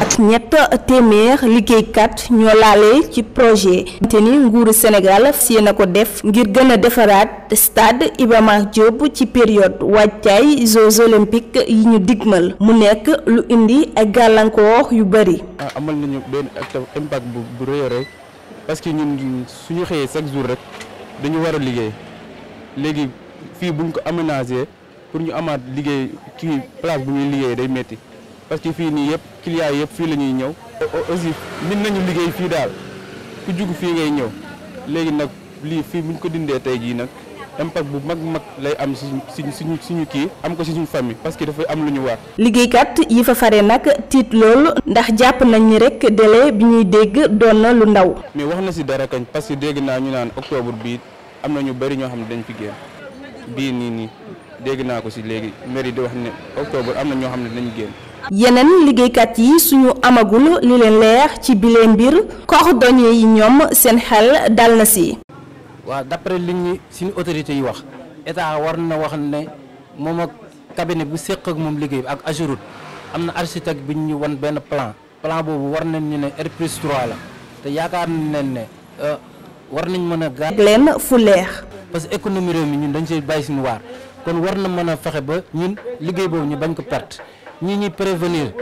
ak ñett téeméer liggéeykat ñoo laale ci projet te ni nguuru Sénégal fii na ko def ngir gëna defaraat stade Iba Mar ci période wàccaay Jeux olympiques yi ñu digmal mu nekk lu indi ay gàllankoor yu bari ah, amal nañu benn impact bu parce que ñun suñu xëyee chaque jour rek dañu war a liggéey. léegi fii buñ ko aménager pour ñu amaat liggéey ci place bu ñuy liggéey day métti parce fii nii yëpp clients yëpp fii la ñuy ñëw. aussi min nañu liggéey fii daal ku jug fii ngay ñëw léegi nag lii fii bu ñu ko dindee tey jii nag impact bu mag mag lay am si suñu suñu kii am ko si suñu famille parce que dafay am lu ñu war. liggéeykat yi fa fare nag tiit lool ndax jàpp nañ ni rek délai bi ñuy dégg doon na lu ndaw. mais wax na si dara kañ parce que dégg naa ñu naan octobre bii. am na ñu bëri ñoo xam ne dañu fi génn bii nii nii dégg naa ko si léegi mairie di wax ne octobre am na ñoo xam ne dañ génn. yeneen liggéeykat yi suñu amagul li leen leer ci bile mbir cordonnier yi ñoom seen xel dal na si. waaw d'après li ñu suñu autorités yi wax état war na wax ne moom ak cabinet bu seq ak moom liggéey ak Ageroute am na architecte bi ñu wan benn plan plan boobu war nañ ñu ne R plus la te yaakaar nañ ne. Euh, war nañ mën a gaar fu leer parce économie réew mi ñun dañ see bàyyi suñu waar kon war na mën a fexe ba ñun liggéey boobu ñu bañ ko perte ñi ñuy prévenir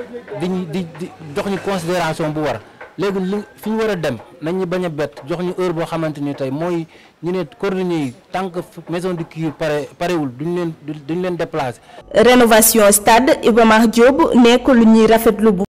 di di di jox ñu considération bu war léegi lu fi ñu war a dem nañ ñu bañ a bett jox ñu heure boo xamante ni tey mooy ñu ne coordonnées yi tant que maison di cure pare parewul duñ leen du duñ leen déplacer. rénovation stade Iba Mar nekk lu ñuy rafetlu bu.